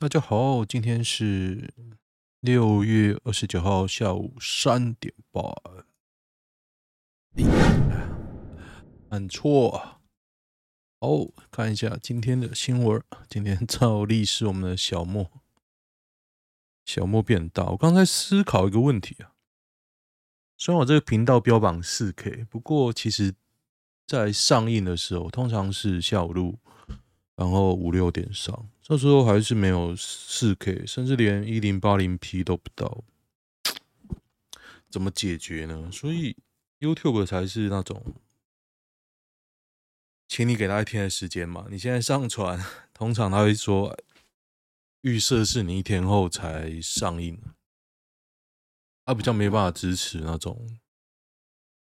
大家好，今天是六月二十九號下午三點半。按錯，好，看一下今天的新聞。今天照例是我們的小莫，小莫變大。我剛才思考一個問題啊，雖然我這個頻道標榜四 K，不過其實，在上映的時候通常是下午錄。然後五六點上，那時候還是沒有四 K，甚至連一零八零 P 都不到，怎麼解決呢？所以 YouTube 才是那種，請你給他一天的時間嘛。你現在上傳，通常他會說預設是你一天後才上映，他比較沒辦法支持那種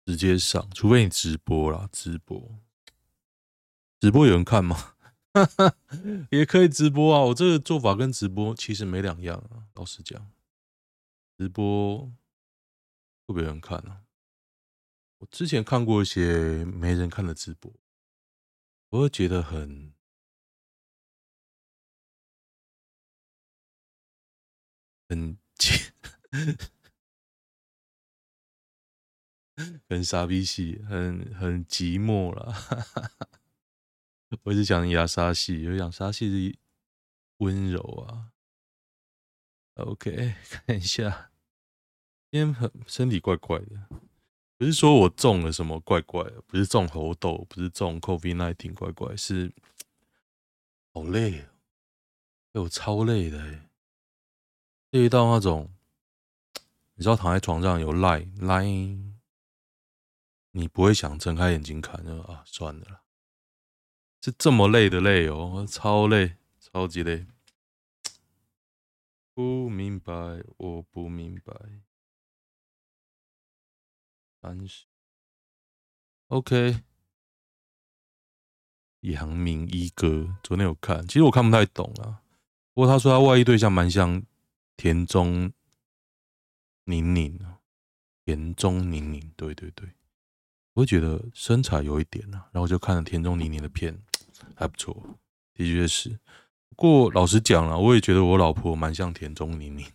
直接上，除非你直播啦，直播，直播有人看嗎？哈， 也可以直播啊！我這個做法跟直播其實沒兩樣啊。老實講，直播不被人看啊。我之前看過一些沒人看的直播，我會覺得很很很傻逼戲，很很寂寞啦。我一直講牙殺戲，有養殺戲是溫柔啊。OK，看一下，今天很身體怪怪的，不是說我中了什麼怪怪的，不是中猴痘，不是中 COVID-19 怪怪，是好累哦、欸，我超累的欸。這一到那種，你知道躺在床上有 line line 你不會想睜開眼睛看，就啊，算了啦。是這麼累的累哦，超累，超級累。不明白，我不明白。三十，OK。楊明一哥昨天有看，其實我看不太懂啊，不過他說他外遇對象蠻像田中寧寧，田中寧寧，對對對，我會覺得身材有一點啊。然後我就看了田中寧寧的片。還不錯，的確是。不過老實講了、啊，我也覺得我老婆蠻像田中寧寧，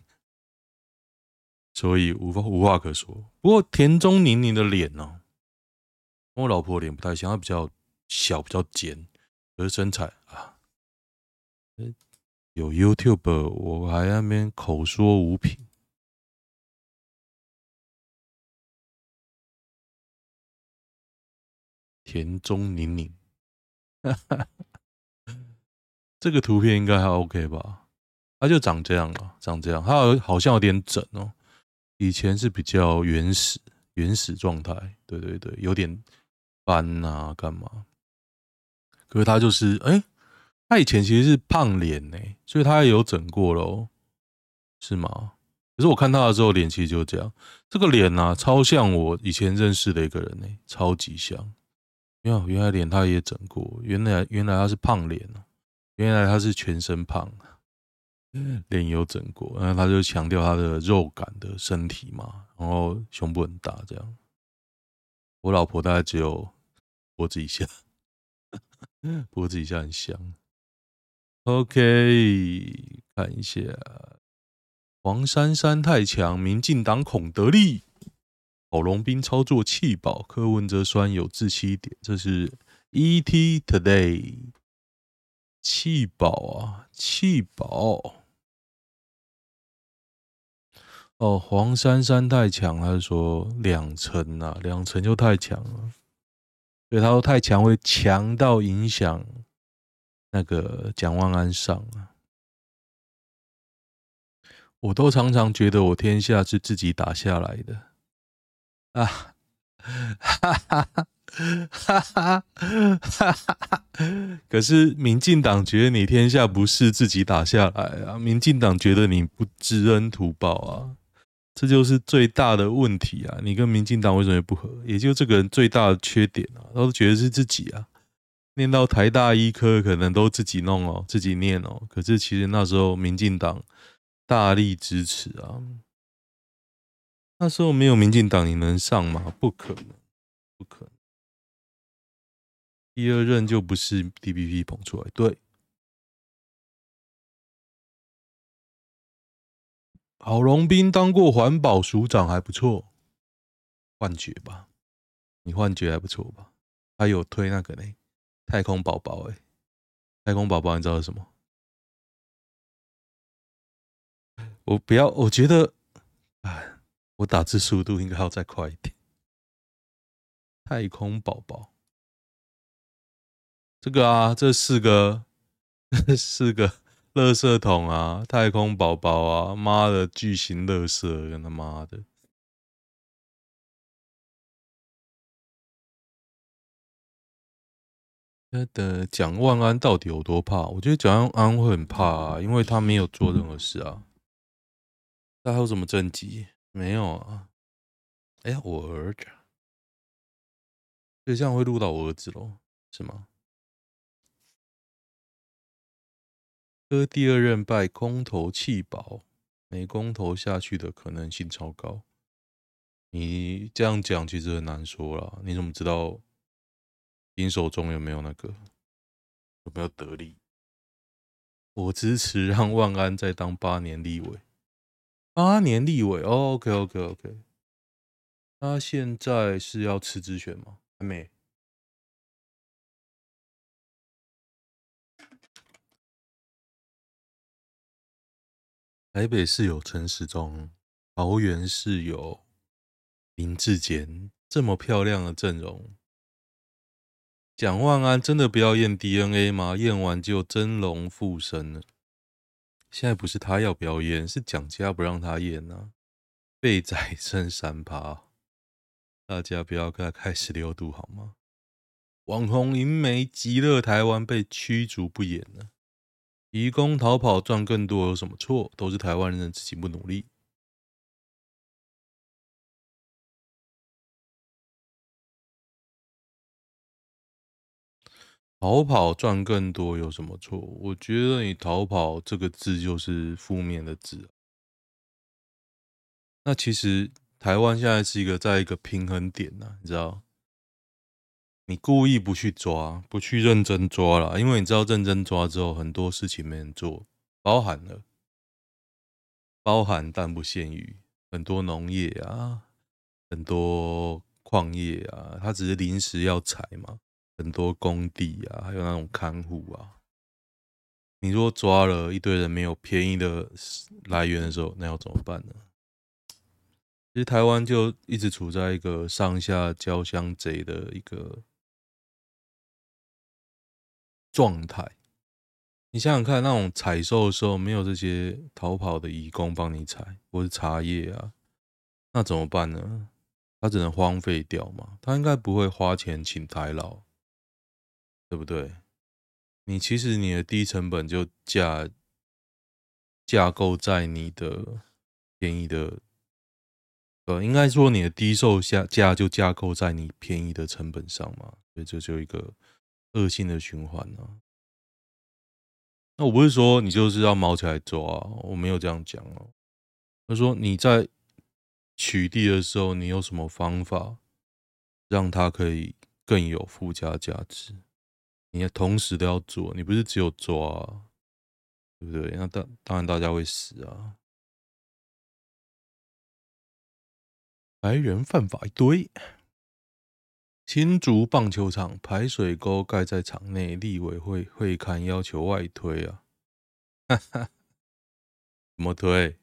所以無法無話可說。不過田中寧寧的臉呢、啊，我老婆臉不太像，她比較小，比較尖，可是身材啊，有 YouTube，我還在那邊口說無憑，田中寧寧。哈，哈 這個圖片應該還 OK 吧？他就長這樣啊，喔，長這樣。他好像有點整哦，喔，以前是比較原始，原始狀態。對對對，有點斑吶，啊，幹嘛？可是他就是，哎，欸，他以前其實是胖臉哎，欸，所以他也有整過咯，是嗎？可是我看他的時候，臉其實就這樣。這個臉吶，啊，超像我以前認識的一個人哎，欸，超級像。沒有，原來臉他也整過。原來原來他是胖臉，原來他是全身胖，臉也有整過。那他就強調他的肉感的身體嘛，然後胸部很大這樣。我老婆大概只有脖子以下，脖子以下很香。OK，看一下，黃珊珊太強，民進黨恐得利。寶龍兵操作棄保，柯文哲酸有窒息點，這是 ET Today 棄保啊，棄保。哦，黃珊珊太強了，他說兩成吶，兩成就太強了，所以他說太強會強到影響那個蔣萬安上啊。我都常常覺得我天下是自己打下來的。啊，哈哈哈哈哈哈哈哈哈！可是民進黨覺得你天下不是自己打下來啊，民進黨覺得你不知恩圖報啊，這就是最大的問題啊！你跟民進黨為什麼不合？也就這個人最大的缺點啊，都是覺得是自己啊。念到台大醫科，可能都自己弄哦，自己念哦。可是其實那時候民進黨大力支持啊。那時候沒有民進黨，你能上嗎？不可能，不可能。第二任就不是 DPP 捧出來，對。郝龍斌當過環保署長，還不錯。幻覺吧，你幻覺還不錯吧？他有推那個呢，太空寶寶哎，太空寶寶你知道是什麼？我不要，我覺得唉。我打字速度應該還要再快一點。太空寶寶，這個啊，這四個，這四個垃圾桶啊，太空寶寶啊，媽的，巨型垃圾，跟他媽的。他的，蔣萬安到底有多怕我覺得蔣萬安會很怕啊，因為他沒有做任何事啊，他還有什麼政績？沒有啊！哎呀，我兒子就這樣會錄到我兒子嘍，是嗎？哥，第二任拜公投棄保，沒公投下去的可能性超高。你這樣講其實很難說啦，你怎麼知道你手中有沒有那個有沒有得利？我支持讓萬安再當八年立委。八年立委，oh，OK OK OK，他現在是要辭職選嗎？還沒。台北市有陳時中，桃園市有林志堅，這麼漂亮的陣容，蔣萬安真的不要驗 DNA 嗎？驗完就真龍附身了。現在不是他要表演，是蔣家不讓他演吶、啊。被宰成三趴，大家不要跟他開16度好嗎？網紅淫媒極樂台灣被驅逐不演了，移工逃跑賺更多有什麼錯？都是台灣人自己不努力。逃跑賺更多有什麼錯？我覺得你逃跑這個字就是負面的字。那其實台灣現在是一個在一個平衡點呢，你知道？你故意不去抓，不去認真抓啦，因為你知道認真抓之後，很多事情沒人做，包含了，包含但不限於很多農業啊，很多礦業啊，它只是臨時要採嘛。很多工地啊，還有那種看護啊，你如果抓了一堆人沒有便宜的來源的時候，那要怎麼辦呢？其實台灣就一直處在一個上下交相賊的一個狀態。你想想看，那種採收的時候沒有這些逃跑的移工幫你採，或是茶葉啊，那怎麼辦呢？他只能荒廢掉嘛，他應該不會花錢請台勞。對不對？你其實你的低成本就架架構在你的便宜的，呃，應該說你的低售價就價就架構在你便宜的成本上嘛。所以這就一個惡性的循環呢、啊。那我不是說你就是要卯起來抓，我沒有這樣講哦。他說你在取締的時候，你有什麼方法讓它可以更有附加價值？你要同時都要做，你不是只有抓啊，對不對？那當當然大家會死啊！白人犯法一堆，新竹棒球場排水溝蓋在場內，立委會會看要求外推啊！哈哈，怎麼推？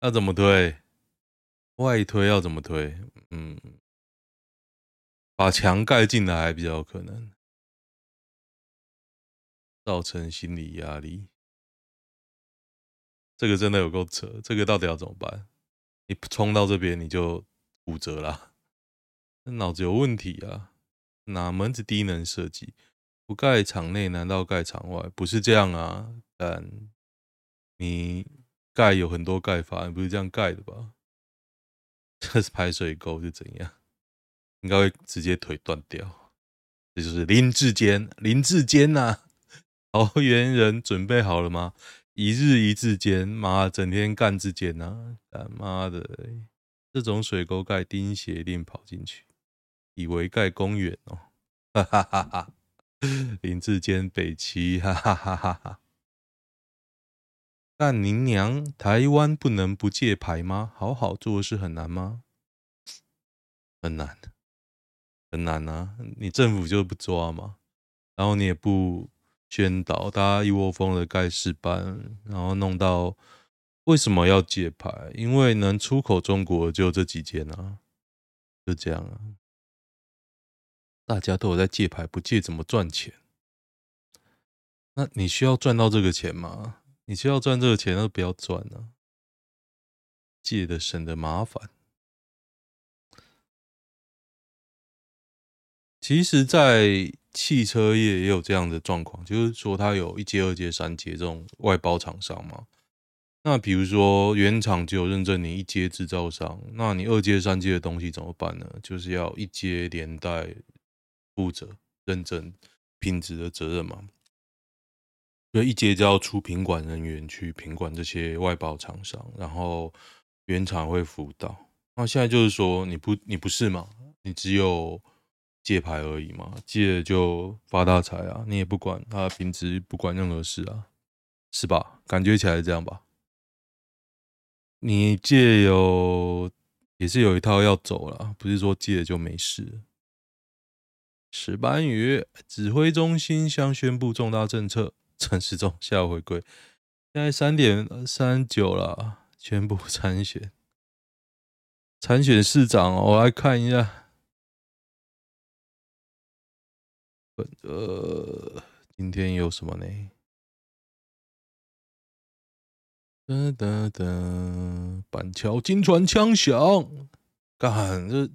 那怎麼推？外推要怎麼推？嗯，把牆蓋進來還比較有可能。造成心理壓力，這個真的有夠扯！這個到底要怎麼辦？你衝到這邊你就骨折了，腦子有問題啊！哪門子低能設計？不蓋場內難道蓋場外？不是這樣啊！但你蓋有很多蓋法，你不是這樣蓋的吧？這是排水溝是怎樣？應該會直接腿斷掉。這就是林志堅，林志堅吶！桃園、哦、人準備好了嗎？一日一字間，媽整天幹字間吶！媽的、欸，這種水溝蓋釘鞋墊跑進去，以為蓋公園哦！哈哈哈哈！林智堅，北七，哈哈哈哈！但您娘，台灣不能不借牌嗎？好好做事很難嗎？很難，很難啊！你政府就不抓嗎？然後你也不。宣導大家一窩蜂的蓋世班，然後弄到為什麼要借牌？因為能出口中國就這幾件啊，就這樣啊。大家都有在借牌，不借怎麼賺錢？那你需要賺到這個錢嗎？你需要賺這個錢，那不要賺了、啊，借的省得麻煩。其實，在汽車業也有這樣的狀況，就是說它有一階、二階、三階這種外包廠商嘛。那比如說原廠只有認證你一階製造商，那你二階、三階的東西怎麼辦呢？就是要一階連帶負責認證品質的責任嘛。所以一階就要出品管人員去品管這些外包廠商，然後原廠會輔導。那現在就是說你不你不是嘛，你只有。借牌而已嘛，借就發大財啊！你也不管他，平時不管任何事啊，是吧？感覺起來這樣吧。你借有也是有一套要走了，不是說借就沒事了。石斑魚指揮中心將宣布重大政策。陳世忠下午回歸，現在三點三九了，宣布參選。參選市長、哦，我來看一下。呃，今天有什麼呢？噠噠噠！板橋金船槍響，幹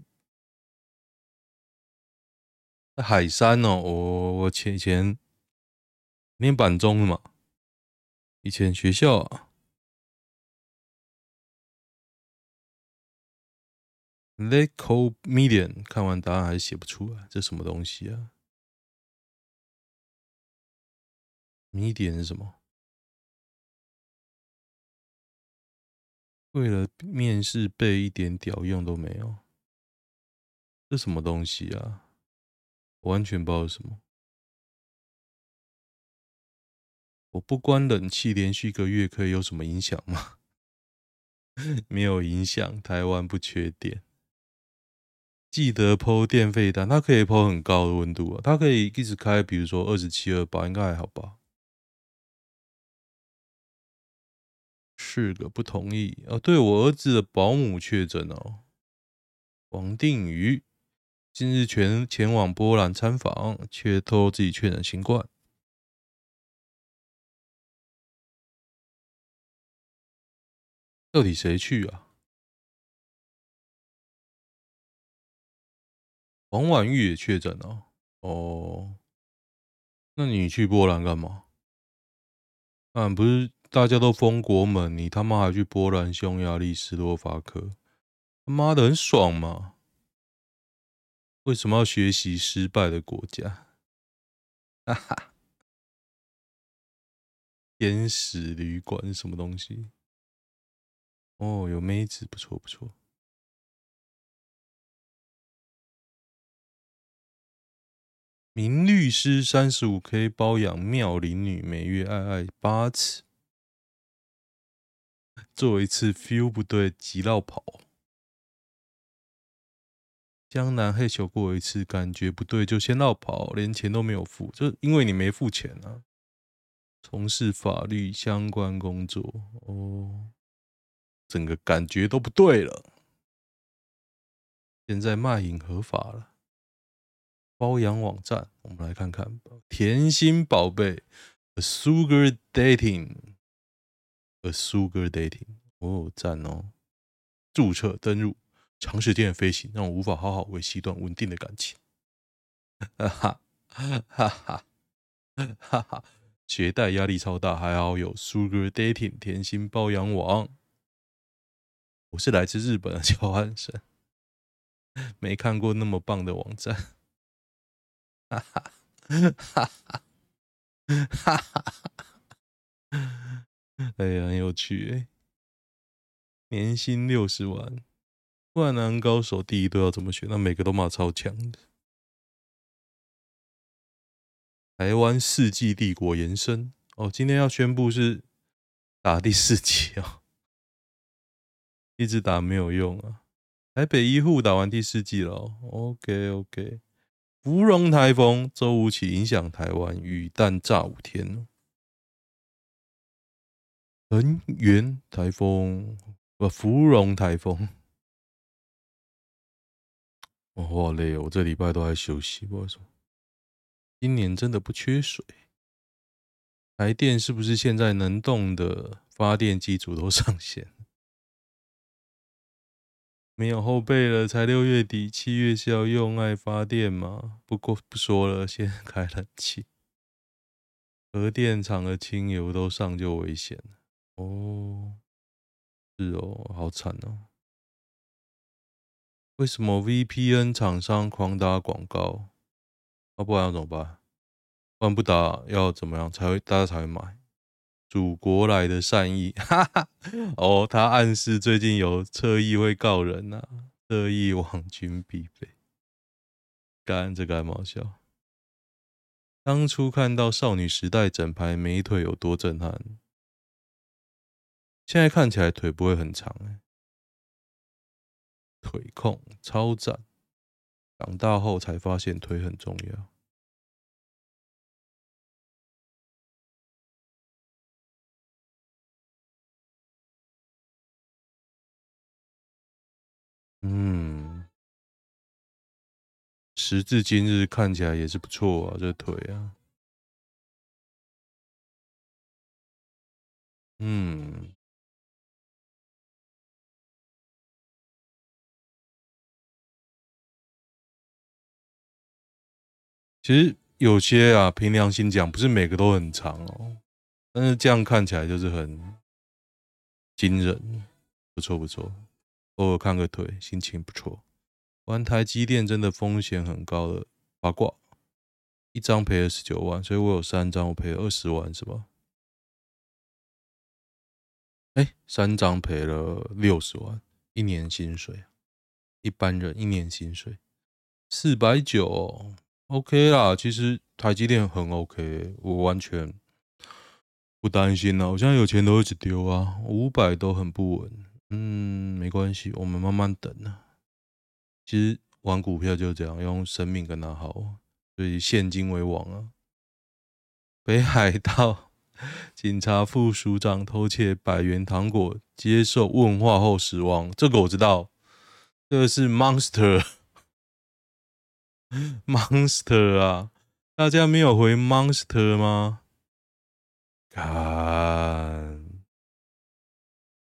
這海山哦！我我前前念板中了嘛，以前學校啊。LeetCode medium！看完答案還是寫不出來，這什麼東西啊？米點是什麼？為了面試背一點，屌用都沒有，這什麼東西啊？完全不知道是什麼。我不關冷氣，連續一個月可以有什麼影響嗎？沒有影響。台灣不缺電。記得 po 電費單，它可以 po 很高的溫度啊，它可以一直開，比如說二十七、二八，應該還好吧。是個不同意哦。對我兒子的保姆確診哦。王定宇今日前前往波蘭參訪，卻透露自己確診新冠，到底誰去啊？王婉玉也確診了哦，哦，那你去波蘭幹嘛？嗯、啊，不是。大家都封國門，你他媽還去波蘭、匈牙利、斯洛伐克，他媽的很爽嘛？為什麼要學習失敗的國家？哈哈，天使旅館是什麼東西？哦，有妹子，不錯不錯。名律師三十五 K 包養妙齡女，每月愛愛八次。做一次 feel 不對，急落跑。江南嘿咻過一次，感覺不對就先落跑，連錢都沒有付，就因為你沒付錢啊。從事法律相關工作哦，整個感覺都不對了。現在賣淫合法了，包養網站，我們來看看吧，《甜心寶貝》A Sugar Dating。A sugar dating，我有贊哦！註冊、哦、註冊登入、長時間的飛行讓我無法好好維繫一段穩定的感情，哈哈哈哈哈，哈哈，攜帶壓力超大，還好有 Sugar Dating 甜心包養網。我是來自日本的交換生，沒看過那麼棒的網站，哈哈哈哈哈哈哈。哎呀，很有趣誒。年薪六十萬，灌籃高手，第一都要怎麼選？那每個都罵超強的。台灣世紀帝國延伸哦，今天要宣布是打第四季啊、哦，一直打沒有用啊。台北醫護打完第四季了、哦，OK OK。芙蓉台風周五起影響台灣，雨彈炸五天。能源台風，不、啊，芙蓉台風哇。我好累哦，我這禮拜都還休息。不好意思，今年真的不缺水。台電是不是現在能動的發電機組都上線？沒有後備了，才六月底、七月是要用愛發電嗎？不過不說了，先開冷氣。核電廠的清油都上就危險了。哦，是哦，好慘哦！為什麼 VPN 廠商狂打廣告？啊，不然要怎麼辦？萬不，不打要怎麼樣才會大家才會買？祖國來的善意，哈哈！哦，他暗示最近有側翼會告人吶、啊，側翼網軍必備。幹這個還蠻好笑！當初看到少女時代整排美腿有多震撼。現在看起來腿不會很長，欸、腿控超讚，長大後才發現腿很重要。嗯，時至今日看起來也是不錯啊，這腿啊，嗯。其實有些啊，憑良心講，不是每個都很長哦。但是這樣看起來就是很驚人，不錯不錯。偶爾看個腿，心情不錯。玩台積電真的風險很高的，八卦。一張賠了十九萬，所以我有三張，我賠了二十萬是吧？哎，三張賠了六十萬，一年薪水，一般人一年薪水四百九。OK 啦，其實台積電很 OK，我完全不擔心吶、啊。我現在有錢都一直丟啊，五百都很不穩。嗯，沒關係，我們慢慢等啊。其實玩股票就這樣，用生命跟他耗，所以現金為王啊。北海道警察副署長偷竊百元糖果，接受問話後死亡。這個我知道，這個是 Monster。Monster 啊，大家沒有回 Monster 嗎？看，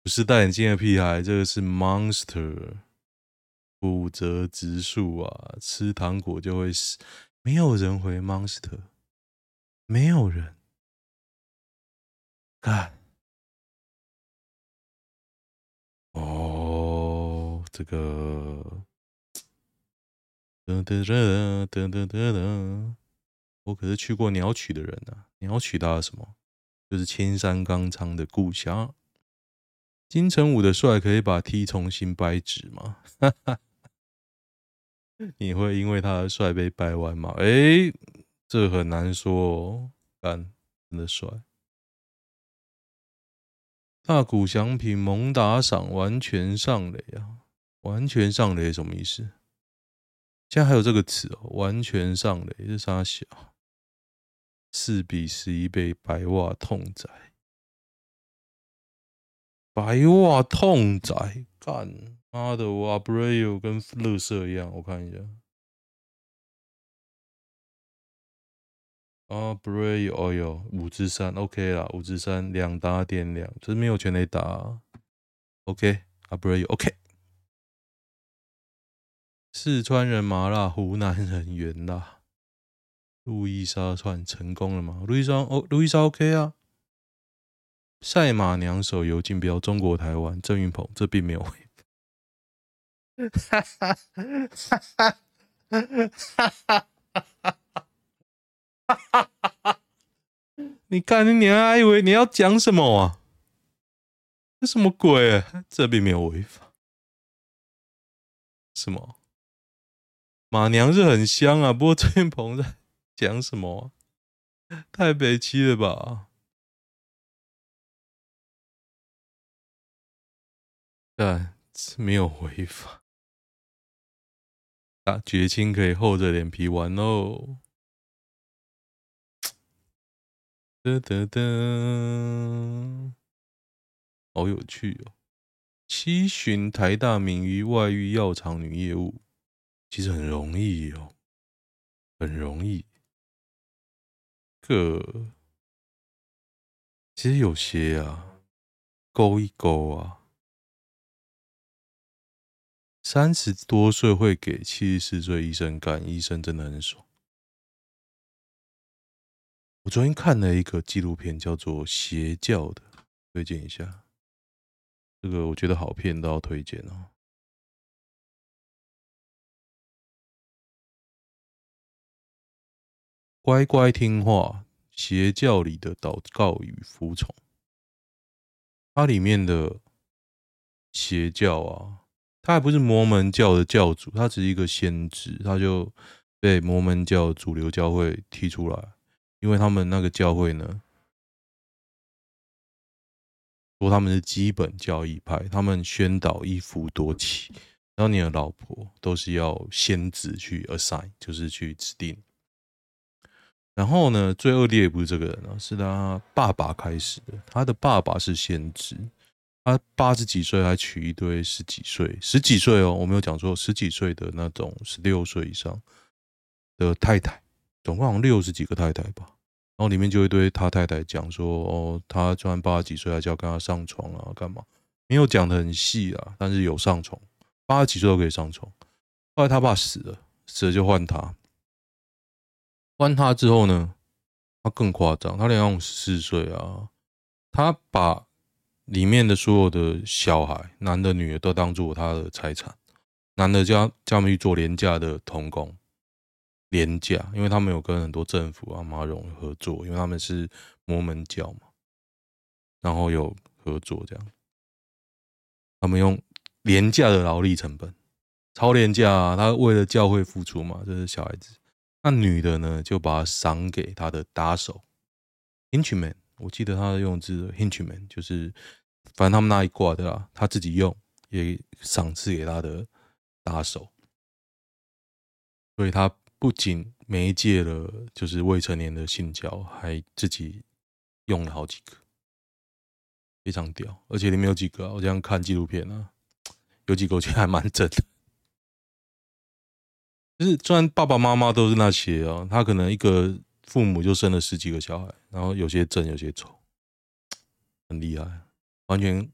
不是戴眼鏡的屁孩，這個是 Monster，浦澤直樹啊，吃糖果就會死，沒有人回 Monster，沒有人，看，哦，這個。了得了了得了了得得得得得！我可是去過鳥取的人啊，鳥取到了什麼？就是青山剛昌的故鄉。金城武的帥可以把 T 重新掰直嗎？哈哈，你會因為他的帥被掰彎嗎？誒、欸，這很難說哦。幹，真的帥。大谷翔平猛打賞，完全上壘啊！完全上壘什麼意思？現在還有這個詞哦，完全上壘是啥小啊？四比十一被白襪痛宰，白襪痛宰，幹媽的！我 Abreu 跟樂色一樣，我看一下。啊，Abreu 哦喲，五之三，OK 啦，五之三，兩打點兩，就是沒有全壘打啊，OK，Abreu OK。四川人麻辣，湖南人圓辣。路易莎串成功了嗎？路易莎哦，路易莎 OK 啊。賽馬娘手遊競標，中國台灣鄭雲鵬，這並沒有違法。哈哈哈哈哈哈！哈哈哈哈哈！哈哈哈哈你看，你還以為你要講什麼啊？這什麼鬼、欸？這並沒有違法。什麼？馬娘是很香啊，不過崔雲鵬在講什麼啊？太北七了吧？嗯，是沒有違法啊，絕清可以厚着臉皮玩哦。噔噔噔，好有趣哦！七旬台大名醫外遇藥廠女業務。其實很容易哦，很容易。這個，其實有些啊，勾一勾啊。三十多歲會給七十四歲醫生幹醫生真的很爽。我昨天看了一個紀錄片，叫做《邪教》的，推薦一下。這個我覺得好片都要推薦哦。乖乖聽話，邪教裡的禱告與服從。它裡面的邪教啊，他還不是摩門教的教主，他只是一個先知，他就被摩門教主流教會踢出來，因為他們那個教會呢，說他們是基本教義派，他們宣導一夫多妻，然後你的老婆都是要先知去 assign，就是去指定。然後呢，最惡劣也不是這個人啊，是他爸爸開始的。他的爸爸是先知，他八十幾歲還娶一堆十幾歲、十幾歲哦，我沒有講說十幾歲的那種十六歲以上的太太，總共六十幾個太太吧。然後裡面就一堆他太太講說，哦，他雖然八十幾歲還是要跟他上床啊，幹嘛？沒有講的很細啊，但是有上床，八十幾歲都可以上床。後來他爸死了，死了就換他。關他之後呢，他更誇張。他連養五十四歲啊，他把裡面的所有的小孩，男的、女的，都當做他的財產。男的就叫他們去做廉價的童工，廉價，因為他們有跟很多政府啊、馬易合作，因為他們是摩門教嘛，然後有合作這樣。他們用廉價的勞力成本，超廉價啊。他為了教會付出嘛，這是小孩子。那女的呢，就把他賞給他的打手 henchman，我記得他用字 henchman，就是反正他們那一掛的啦。他自己用，也賞賜給他的打手。所以他不僅媒介了，就是未成年的性交，還自己用了好幾個，非常屌。而且裡面有幾個、啊，我這樣看紀錄片啊，有幾個我覺得還蠻正的。就是，雖然爸爸媽媽都是那些哦、喔，他可能一個父母就生了十幾個小孩，然後有些正，有些醜，很厲害，完全，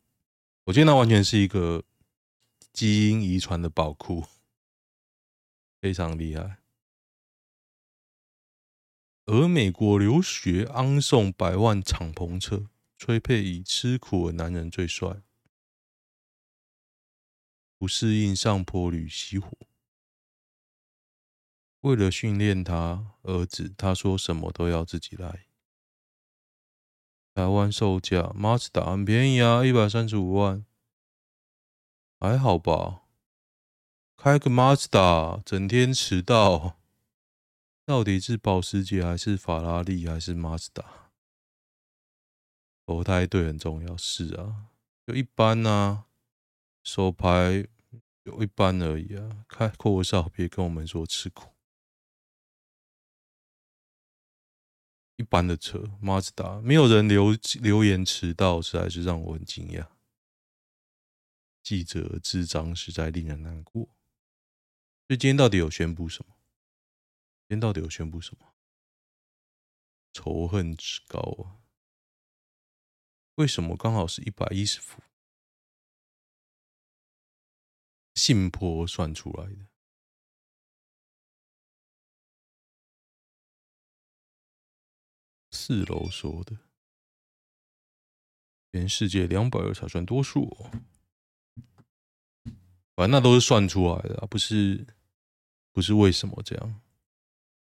我覺得那完全是一個基因遺傳的寶庫，非常厲害。而美國留學，昂送百萬敞篷車，崔佩儀吃苦的男人最帥，不適應上坡屢熄火。為了訓練他兒子，他說什麼都要自己來。台灣售價馬自達很便宜啊，一百三十五萬，還好吧？開個馬自達，整天遲到，到底是保時捷還是法拉利還是馬自達？投胎對很重要，是啊，就一般吶，啊，手牌有一般而已啊。開括弧少，別跟我們說吃苦。一般的車，馬自達，沒有人留留言遲到，實在是讓我很驚訝。記者智障，實在令人難過。所以今天到底有宣布什麼？今天到底有宣布什麼？仇恨值高啊！為什麼剛好是一百一十伏？信坡算出來的。四樓說的，全世界兩百二才算多數。哦，反正那都是算出來的。啊，不是不是，為什麼這樣？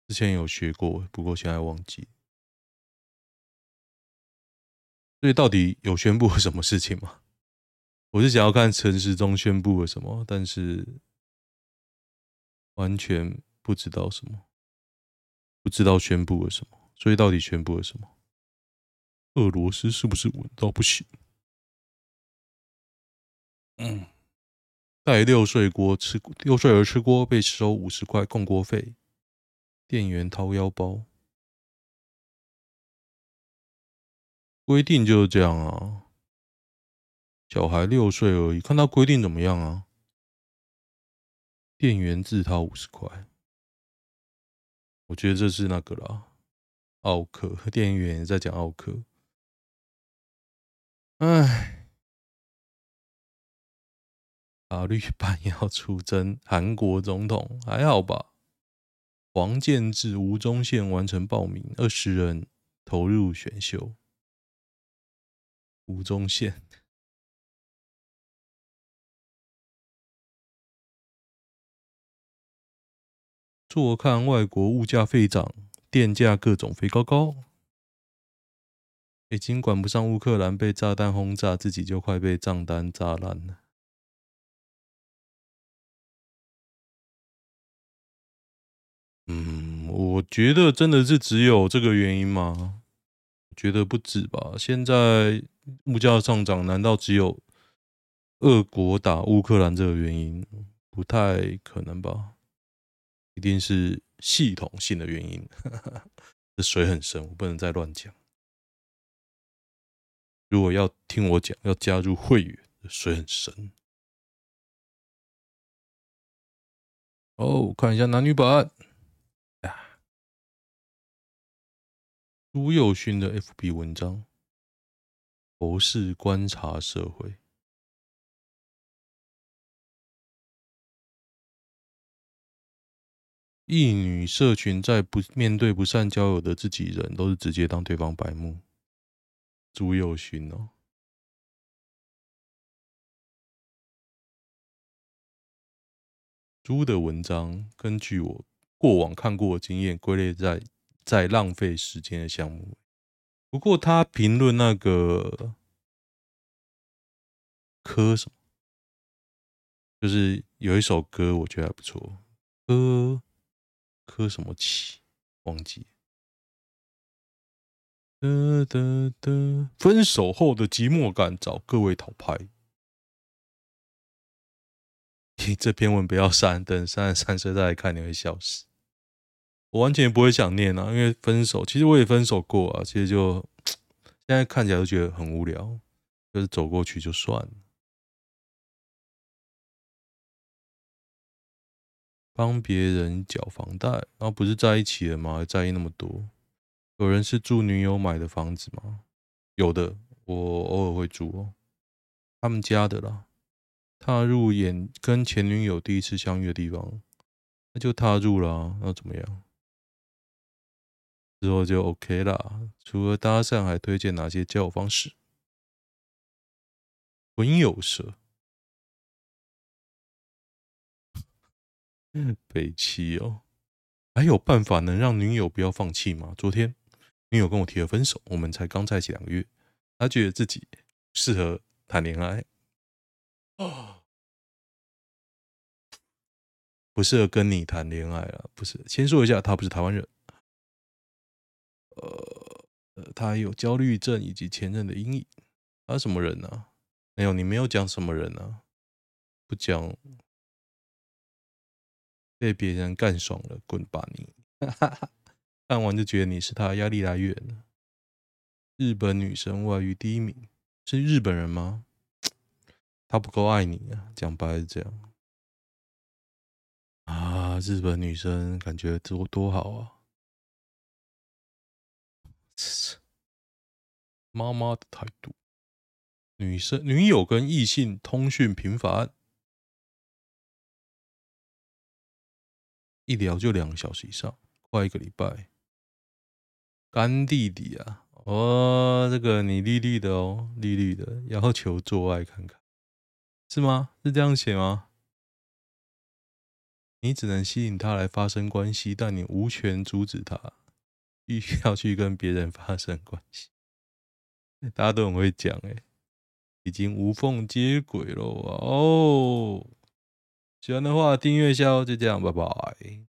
之前有學過，不過現在忘記。所以到底有宣布什麼事情嗎？我是想要看陳時中宣布了什麼，但是完全不知道什麼，不知道宣布了什麼。所以到底全部是什麼？俄羅斯是不是穩到不行？嗯，帶六歲鍋吃，六歲兒吃鍋被收五十塊共鍋費，店員掏腰包。規定就是這樣啊，小孩六歲而已，看他規定怎麼樣啊。店員自掏五十塊，我覺得這是那個啦。奧克，電影院也在講奧克。哎，法律板要出征韓國總統還好吧？王建志、吳宗憲完成報名，二十人投入選秀。吳宗憲，坐看外國物價飛漲。電價各種飛高高，已、欸、經管不上烏克蘭被炸彈轟炸，自己就快被賬單炸爛了。嗯，我覺得真的是只有這個原因嗎？我覺得不止吧。現在物價上漲，難道只有俄國打烏克蘭這個原因？不太可能吧，一定是。系統性的原因，哈哈，這水很深，我不能再亂講。如果要聽我講，要加入會員，這水很深。哦，看一下男女版呀，啊、朱友勛的 FB 文章，博士觀察社會。一女社群在不面對不善交友的自己人，都是直接當對方白目。朱宥勳哦，朱的文章根據我過往看過的經驗歸類在在浪費時間的項目。不過他評論那個柯什麼，就是有一首歌，我覺得還不錯。科。喝什麼氣？忘記。噔噔噔，分手後的寂寞感，找各位討拍。你這篇文不要刪，等三十三歲再來看，你會笑死。我完全不會想念啊，因為分手，其實我也分手過啊。其實就現在看起來都覺得很無聊，就是走過去就算了。幫別人繳房貸，那不是在一起了嗎？還在意那麼多，有人是住女友買的房子嗎？有的，我偶爾會住哦，他們家的啦。踏入眼跟前女友第一次相遇的地方，那就踏入了啊。那怎麼樣？之後就 OK 啦，除了搭訕，還推薦哪些交友方式？朋友社。北七哦，還有辦法能讓女友不要放棄嗎？昨天女友跟我提了分手，我們才剛在一起兩個月，她覺得自己適合談戀愛，啊，不適合跟你談戀愛了、啊。不是，先說一下，她不是台灣人，呃她還有焦慮症以及前任的陰影。她是什麼人呢、啊？沒有，你沒有講什麼人呢、啊？不講。被別人幹爽了，滾吧你！ 看完就覺得你是他壓力來源。日本女生外遇第一名是日本人嗎？他不夠愛你啊，講白是這樣。啊，日本女生感覺多多好啊！媽媽的態度，女生女友跟異性通訊頻繁。一聊就兩個小時以上，快一個禮拜。幹弟弟啊，哦，這個你綠綠的哦，綠綠的要求做愛看看，是嗎？是這樣寫嗎？你只能吸引他來發生關係，但你無權阻止他必須要去跟別人發生關係。大家都很會講哎，已經無縫接軌了啊哦。喜歡的話，訂閱一下哦。就這樣，拜拜。